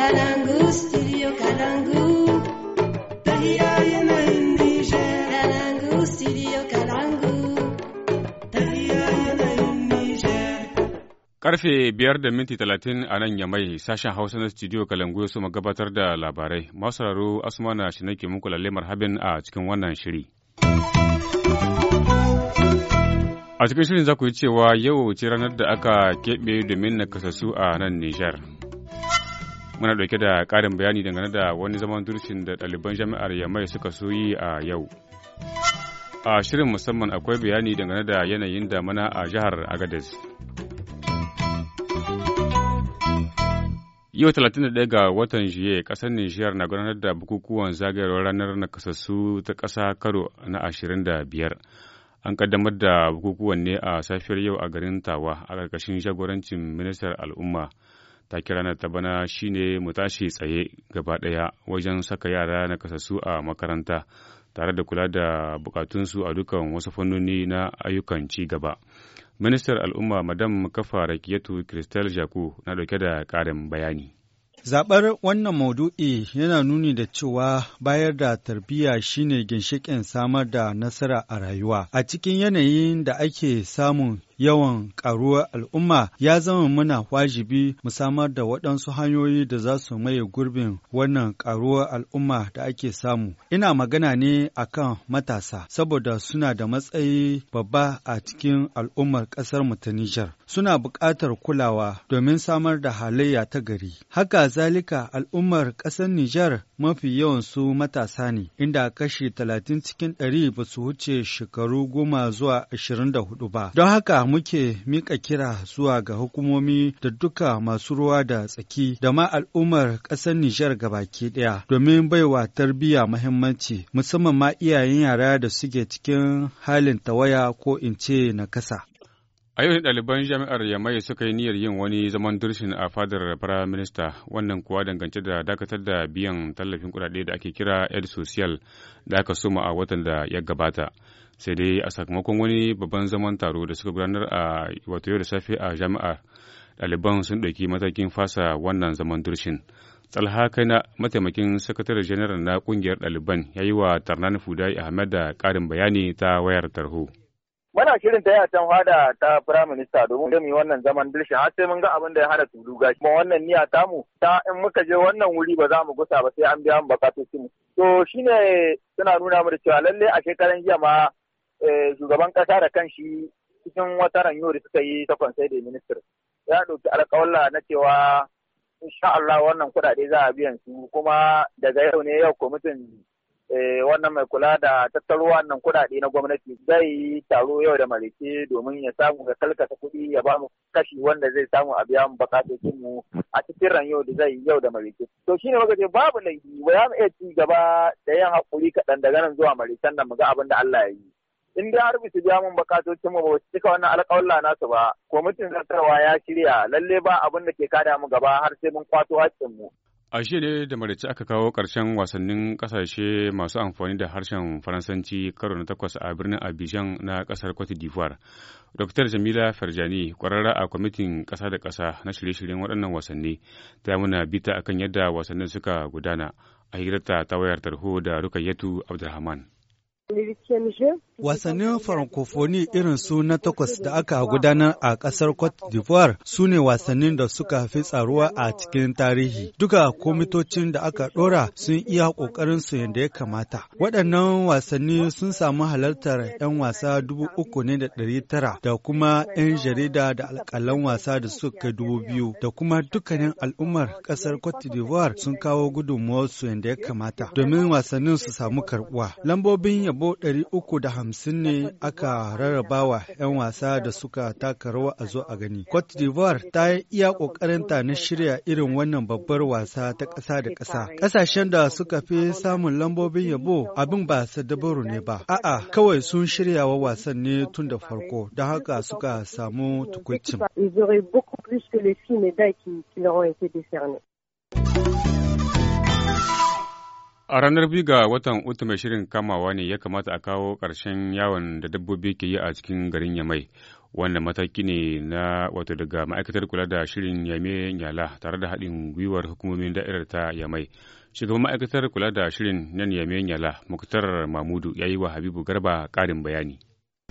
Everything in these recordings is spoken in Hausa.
Kalangu, Karfe biyar da minti talatin a nan yamai sashen Hausa na studio Kalangu su gabatar da labarai. Masu raro Asmana shi nake muku lalle marhabin a cikin wannan shiri. A cikin shirin za ku yi cewa yau ce ranar da aka keɓe domin na nakasassu a nan Nijar. muna dauke da karin bayani dangane da wani zaman durcin da ɗaliban jami'ar yamai suka so yi a yau a shirin musamman akwai bayani dangane da yanayin damana a jihar agadez Yau 31 ga watan Juye, kasar Nijiyar na gudanar da bukukuwan zagayowar ranar nakasassu ta kasa karo na 25. An kaddamar da bukukuwan ne a safiyar yau a garin Tawa a ƙarƙashin jagorancin ministar al'umma. Take ranar ta bana shine mu tashi tsaye gaba ɗaya wajen saka yara na kasassu a makaranta tare da kula da bukatunsu a dukan wasu fannoni na ayyukan ci gaba. Ministar Al'umma Madam Kafa Rakiyatu Christel Jaku na ɗauke da ƙarin bayani. Zaɓar wannan maudu'i yana nuni da cewa bayar da tarbiyya shine ginshiƙin samar da nasara a rayuwa. A cikin yanayin da ake samun yawan karuwar al'umma ya zama muna wajibi mu samar da waɗansu hanyoyi da za su maye gurbin wannan karuwar al'umma da ake samu. Ina magana ne akan matasa saboda suna da matsayi babba a cikin al'ummar ƙasar mu ta Nijar. Suna buƙatar kulawa domin samar da halayya ta gari. Haka zalika al'ummar ƙasar Nijar mafi yawan su matasa ne, inda kashi talatin cikin ɗari ba su wuce shekaru goma zuwa ashirin da hudu ba. Don haka muke mika kira zuwa ga hukumomi da duka masu ruwa da tsaki da ma al'ummar ƙasar Nijar gabaki ɗaya domin baiwa tarbiyya muhimmanci musamman ma iyayen yara da suke cikin halin tawaya ko in ce na kasa. A yau ɗaliban jami'ar Yamai suka yi niyyar yin wani zaman dirshin a fadar firaminista Minista, wannan kuwa dangance da dakatar da biyan tallafin kuɗaɗe da ake kira Ed Social da aka suma a watan da ya gabata. Sai dai a sakamakon wani babban zaman taro da suka gudanar a wato yau da safe a jami'ar, ɗaliban sun ɗauki matakin fasa wannan zaman dirshin. Tsalha Kaina, mataimakin sakataren janar na ƙungiyar ɗaliban, ya yi wa Tarnan Fudai Ahmed da ƙarin bayani ta wayar tarho. Muna shirin ta can fada ta firaminista domin gami wannan zaman dirshin har sai mun ga abin da ya hana tudu gashi. Kuma wannan niyya mu? ta in muka je wannan wuri ba za mu gusa ba sai an biya mu mu To shine suna nuna mu da cewa lalle a shekaran jiya ma eh, shugaban kasa da kanshi cikin wata ranyo da suka yi ta kwansai da minister ya ɗauki alƙawalla na cewa insha Allah wannan kuɗaɗe za a biyan su kuma daga yau ne yau kwamitin Eh, wannan mai kula da tattaro wannan kuɗaɗe na gwamnati zai yi taro yau da marike domin ya samu ga kalkata kuɗi ya ba mu kashi wanda zai samu a biya mu bukatocin mu a cikin ran yau da zai yau da marike to shine maka ce babu laifi ba za mu iya ci gaba da yin hakuri kaɗan daga nan zuwa marikan nan mu ga abin da Allah ya yi in da har bisu biya mun bakatocin mu ba su cika wannan alƙawalla nasu ba kwamitin zartarwa ya shirya lalle ba abin da ke kada mu gaba har sai mun kwato haƙƙin mu A shi ne da marici aka kawo ƙarshen wasannin ƙasashe masu amfani da harshen Faransanci karo na takwas a birnin abijan na ƙasar Cote d'Ivoire. Dr. Jamila Farjani, ƙwararra a kwamitin ƙasa da ƙasa na shirye-shiryen waɗannan wasanni, ta muna bita akan yadda wasannin suka gudana a hirarta ta wayar tarho da Rukayyatu Abdulrahman. Wasannin Francophonie irin su na takwas da aka gudanar a ƙasar Cote d'Ivoire su ne wasannin da suka fi tsaruwa a cikin tarihi. Duka komitocin da aka ɗora sun iya ƙoƙarin su yadda ya kamata. Waɗannan wasanni sun samu halartar 'yan wasa dubu uku ne da ɗari tara da kuma 'yan jarida da alƙalan wasa da suka kai dubu biyu da kuma dukkanin al'ummar ƙasar Cote d'Ivoire sun kawo su yadda ya kamata domin wasannin su samu karbuwa. Lambobin yabo ɗari uku da hamsin ne aka rarrabawa 'yan wasa da suka taka rawa a zo a gani. Cote d'Ivoire ta yi iya ƙoƙarinta na shirya irin wannan babbar wasa ta ƙasa da ƙasa. Ƙasashen da suka fi samun lambobin yabo abin ba sadabaru ne ba. A'a, kawai sun shirya wa wasan ne tun da farko, don haka suka samu tukuncin. A ranar biyu ga watan uku mai shirin kamawa ne ya kamata a kawo ƙarshen yawon da dabbobi ke yi a cikin garin Yamai. Wannan mataki ne na wato daga ma'aikatar kula da shirin Yame Nyala tare da haɗin gwiwar hukumomin da'irar ta Yamai. Shugaban ma'aikatar kula da shirin nan Yame Nyala Muktar Mamudu ya yi wa Habibu Garba ƙarin bayani.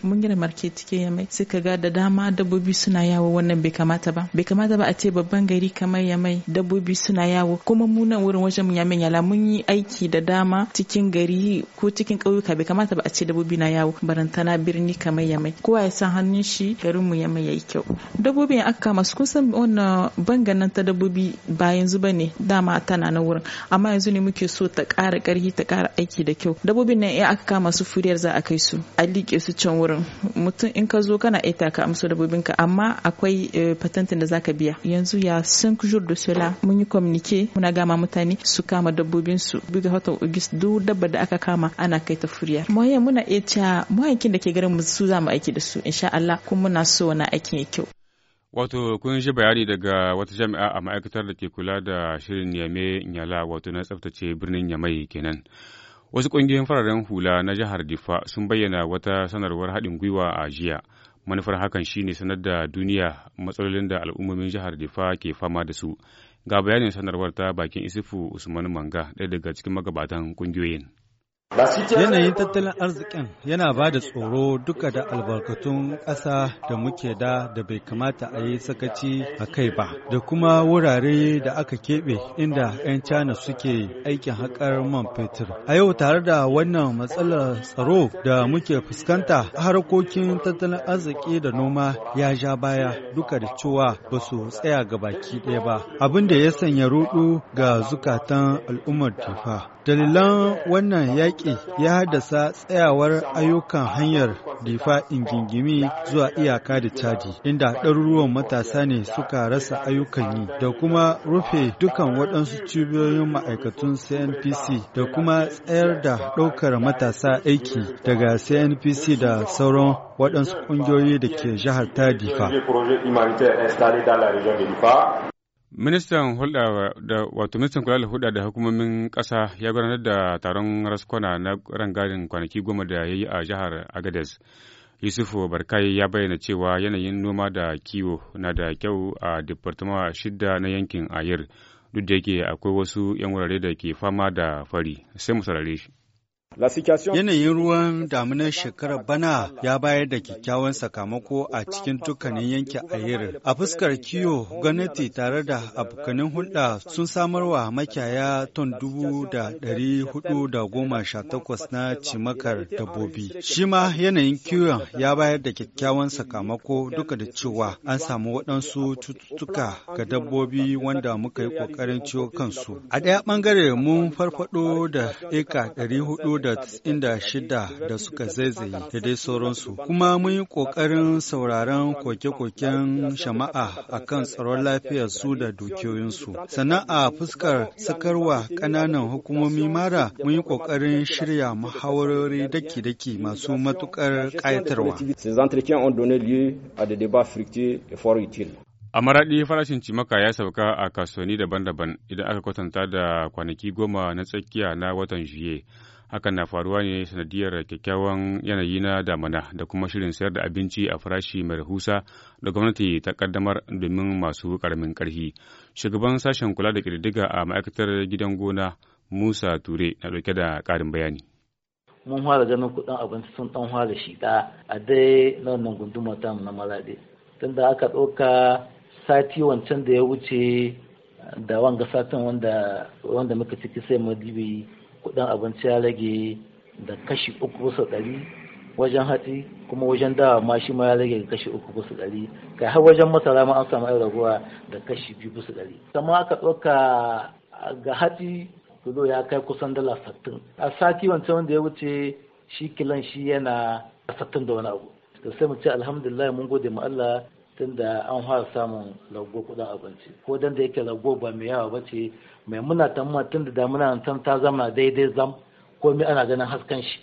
mun gina market cike yamai sai ka ga da dama dabbobi suna yawo wannan bai kamata ba bai kamata ba a ce babban gari kamar yamai dabbobi suna yawo kuma mu nan wurin wajen mu yamin yala mun yi aiki da dama cikin gari ko cikin ƙauyuka bai kamata ba a ce dabbobi na yawo barantana birni kamar yamai kowa ya san hannun shi garin mu yamai yayi kyau dabbobi ya aka kama su kun san wannan banganan ta dabbobi ba yanzu ba ne dama tana na wurin amma yanzu ne muke so ta ƙara ƙarfi ta ƙara aiki da kyau dabbobin nan ya aka kama su furiyar za a kai su a liƙe su can wurin wurin mutum in ka zo kana aita ka amsa ka amma akwai eh, patentin da zaka biya yanzu ya cinq jours de cela mun yi communique muna gama mutane su kama dabbobin su biga hoton august duk dabba da aka kama ana kai ta furiya moyen muna ita cewa da ke garin mu su za mu aiki da su insha Allah kun muna so wani aikin ya kyau Wato kun ji bayani daga wata jami'a a ma'aikatar da ke kula da shirin Yame Nyala wato na tsaftace birnin Yamai kenan. Wasu ƙungiyoyin fararen hula na jihar Difa sun bayyana wata sanarwar haɗin gwiwa a jiya. Manufar hakan shi ne sanar da duniya matsalolin da al'ummomin jihar Difa ke fama da su. Ga bayanin sanarwar ta bakin Isufu Usman Manga ɗaya daga cikin magabatan ƙungiyoyin. Yanayin tattalin arzikin yana ba da tsoro duka da albarkatun ƙasa da muke da da bai kamata a yi sakaci a kai ba, da kuma wurare da aka keɓe inda 'yan China suke aikin haƙar man fetur. A yau tare da wannan matsalar tsaro da muke fuskanta harkokin tattalin arziki da noma ya ja baya duka da cewa ba su tsaya ga baki ɗaya ba, abin da ya sanya ruɗu ga zukatan al'ummar tefa. Dalilan wannan yaƙi ya haddasa tsayawar ayyukan hanyar difa ingingimi zuwa iyaka da caji, inda ɗaruruwan matasa ne suka rasa ayyukan yi, da kuma rufe dukan waɗansu cibiyoyin ma'aikatun CNPC da kuma tsayar da ɗaukar matasa aiki daga CNPC da sauran waɗansu ƙungiyoyi da ke jihar ta difa. Ministan hulɗa da wato ministan kula da hulɗa da hukumomin ƙasa ya gudanar da taron raskwana na rangadin kwanaki goma da ya yi a jihar Agadez. Yusufu Barkai ya bayyana cewa yanayin noma da kiwo na da kyau a Departama shidda na yankin ayir duk da yake akwai wasu 'yan wurare da ke fama da fari sai mu saurare shi. Yanayin ruwan damunar shekarar bana ya bayar da kyakkyawan sakamako a cikin dukkanin yankin ayir A fuskar kiyo, gwamnati tare da abokanin hulɗa sun samar wa makiyaya ton dubu da ɗari hudu da goma sha takwas na cimakar dabbobi. Shi ma yanayin kiyo ya bayar da kyakkyawan sakamako duka da cewa an samu waɗansu cututtuka ga dabbobi wanda muka yi ƙoƙarin ciwo kansu. A ɗaya ɓangare mun farfaɗo da eka ɗari hudu 296 da suka zaizaye da dai sauransu. Kuma mun yi ƙoƙarin sauraron koke-koken shama'a a kan tsaron lafiyarsu da dukiyoyinsu. Sannan a fuskar sakarwa ƙananan hukumomi mara mun yi ƙoƙarin shirya muhawarori daki-daki masu matuƙar ƙayatarwa. A maraɗi farashin cimaka ya sauka a kasuwanni daban-daban idan aka kwatanta da kwanaki goma na tsakiya na watan juye. hakan na faruwa ne sanadiyar kyakkyawan yanayi na damana da kuma shirin sayar da abinci a farashi mai rahusa da gwamnati ta kaddamar domin masu karamin karfi shugaban sashen kula da kididdiga a ma'aikatar gidan gona musa ture na dauke da karin bayani mun fara ganin kuɗin abinci sun ɗan fara shida a dai na wannan gunduma ta na tun tunda aka ɗauka sati wancan da ya wuce da wanga satin wanda muka ciki sai dibi kudin abinci ya rage da kashi uku bisa ɗari wajen hatsi kuma wajen dawa ma shi ma ya rage da kashi uku bisa ɗari kai har wajen masara ma an samu yan raguwa da kashi biyu bisa ɗari sama aka ɗauka ga hatsi kilo ya kai kusan dala sattin a sati wancan wanda ya wuce shi kilan shi yana sattin da wani abu da sai mu ce alhamdulillah mun gode ma Allah tunda an fara samun rago kudin abinci ko dan da yake rago ba mai yawa ba ce mai muna tamma tun da damuna can ta zama daidai zam ko komai ana ganin hasken shi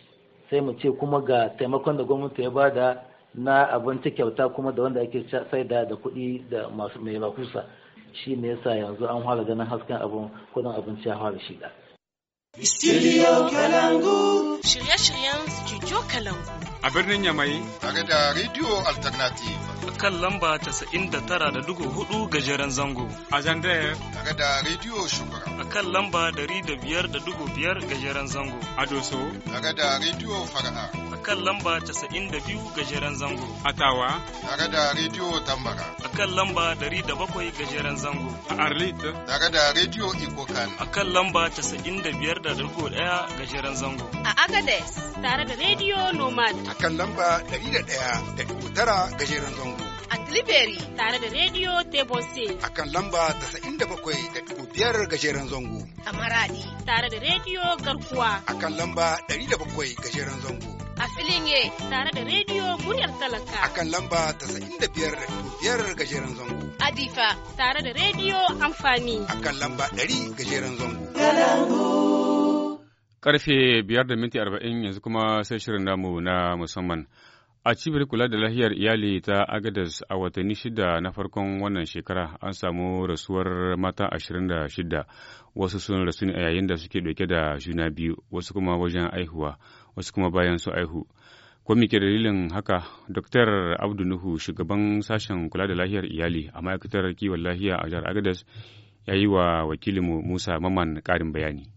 sai mu ce kuma ga taimakon da gwamnati ya bada na abinci kyauta kuma da wanda ake saida da da kuɗi da masu mai rahusa shi ne yasa yanzu an fara ganin hasken abin kudin abinci ya fara shiga Studio Kalangu. Shirye-shiryen Studio Kalangu. A birnin Yamai. Tare da Radio Alternative. A Kan lamba tara da dugu hudu gajeren zango. A Zandaya. Tare da Radio Shugura. A kan lamba dari da da biyar dugu biyar gajeren zango. A Doso. Tare da Radio Fara'a. kan lamba 92 gajeren zango. A Tawa. Tare da Rediyo Tambara. A kan lamba 107 gajeren zango. A Arlit. Tare da Rediyo Ikokan. A kan lamba 95 da Dalko ga gajeren zango. A Agades. Tare da Rediyo Nomad. A kan lamba 101 da Dalko ga gajeren zango. a Tilibiri tare da Radio Tebose. A kan lamba bakwai da gajeren zango. A Maradi tare da Radio Garkuwa. A kan lamba bakwai gajeren zango. a filin ye tare da rediyo muryar talaka a kan lamba da biyar biyar gajeren zango a difa tare da rediyo amfani a kan lamba 100 gajeren zango karfe biyar da minti arba'in yanzu kuma sai shirin namu na musamman a cibiyar kula da lahiyar iyali ta agadas a watanni shida na farkon wannan shekara an samu rasuwar mata ashirin da shida wasu sun rasu ne a yayin da suke dauke da juna biyu wasu kuma wajen aihuwa wasu kuma bayan su aihu gwamnati ke dalilin haka dr abdu nuhu shugaban sashen kula da lahiyar iyali a ma'aikatar kiwon lahiya a jihar agadas ya yi wa wakilinmu musa maman ƙarin bayani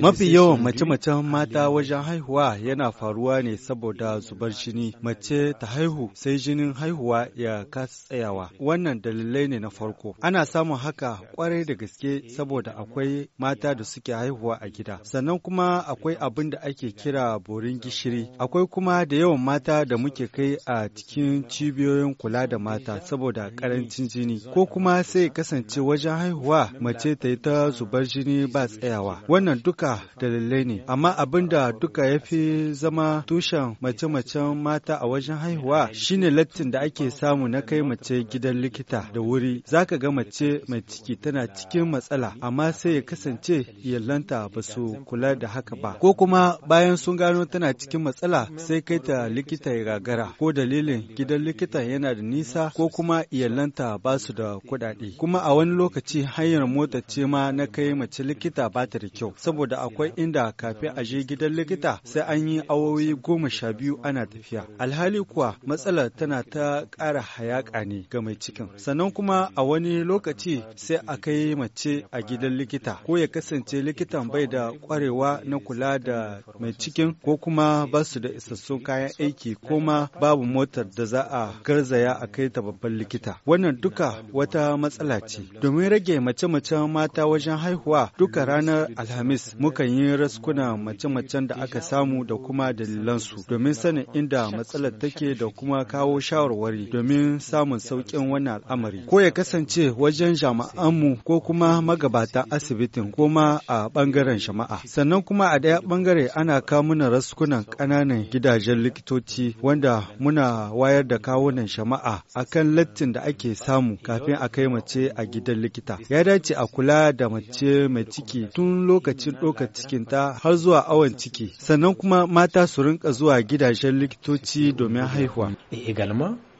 Mafi yawan mace-macen mata wajen haihuwa yana faruwa ne saboda zubar jini. Mace ta haihu sai jinin haihuwa ya kasa tsayawa. Wannan dalilai ne na farko. Ana samun haka kwarai da gaske saboda akwai mata da suke haihuwa a gida. Sannan kuma akwai abin da ake kira borin gishiri. Akwai kuma da yawan mata da muke kai a cikin cibiyoyin kula da mata saboda karancin jini. Ko kuma sai kasance wajen haihuwa mace ta yi ta zubar zubar jini ba tsayawa. Wannan duka dalilai ne, amma abin da duka ya fi zama tushen mace-macen mata a wajen haihuwa shine lattin da ake samu na kai mace gidan likita da wuri. Za ka ga mace mai ciki tana cikin matsala, amma sai ya kasance iyalanta ba su kula da haka ba. Ko kuma bayan sun gano tana cikin matsala sai kai ta likita ya gagara, ko dalilin gidan likita yana da nisa ko kuma iyalanta ba su da kuɗaɗe. Kuma a wani lokaci hanyar mota ce ma na kai kai mace likita ba ta da kyau saboda akwai inda kafin a je gidan likita sai an yi awowi goma sha biyu ana tafiya alhali kuwa matsala tana ta ƙara hayaƙa ne ga mai cikin sannan kuma a wani lokaci sai a kai mace a gidan likita ko ya kasance likitan bai da ƙwarewa na kula da mai cikin ko kuma ba su da isassun kayan aiki ko ma babu motar da za a garzaya a kai ta babban likita wannan duka wata matsala ce domin rage mace-macen mata wajen haihuwa haihuwa duka ranar Alhamis mukan yi raskuna mace-macen da aka samu da kuma dalilansu domin sanin inda matsalar take da kuma kawo shawarwari domin samun sauƙin wannan al'amari. Ko ya kasance wajen jama'anmu ko kuma magabatan asibitin ko ma a ɓangaren jama'a. Sannan kuma a ɗaya ɓangare ana kamuna raskunan ƙananan gidajen likitoci wanda muna wayar da kawunan jama'a akan lattin da ake samu kafin a kai mace a gidan likita. Ya dace a kula da mace mace mai ciki tun lokacin ɗaukar cikinta har zuwa awon ciki sannan kuma mata su rinka zuwa gidajen likitoci domin haihuwa.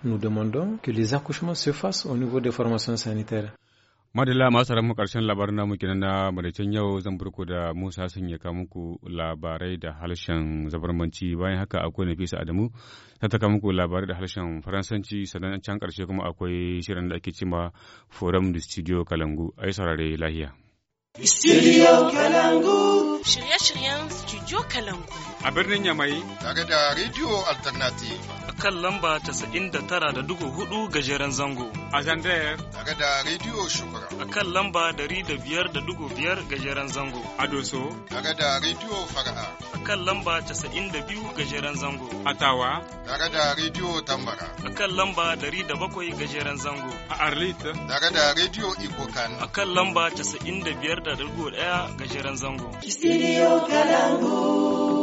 Nous demandons que les accouchements se fassent au niveau des formations sanitaires. Madalla masu ramu karshen labarin namu kenan na madacin yau zan burko da Musa sun ya kawo muku labarai da harshen zabarmanci bayan haka akwai Nafisa Adamu ta taka muku labarai da harshen Faransanci sannan can karshe kuma akwai shirin da ake cima Forum du Studio Kalangu ayi saurare lahiya. Studio Kalangu. shirye-shiryen Studio Kalangu. A birnin Yamai. Tare da Radio Alternative. A kan lamba tara da dugu hudu gajeren zango. A Zandayar. Tare da Radio Shukura. A kan lamba dari da biyar da dugu biyar gajeren zango. A Doso. Tare da Radio Fara'a. A kan lamba da biyu gajeren zango. A Tawa. Tare da Radio Tambara. A kan lamba dari da bakwai gajeren zango. A Arlita. Tare da Radio Ikokan. A kan lamba biyar da dugu daya gajeren zango. Studio Kalangu.